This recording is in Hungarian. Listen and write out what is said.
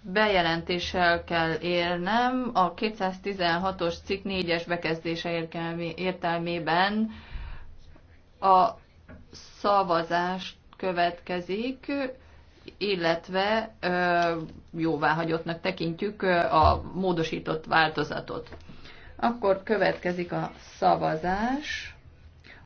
bejelentéssel kell érnem a 216-os cikk 4-es bekezdése értelmében a szavazás következik, illetve jóváhagyottnak tekintjük a módosított változatot. Akkor következik a szavazás.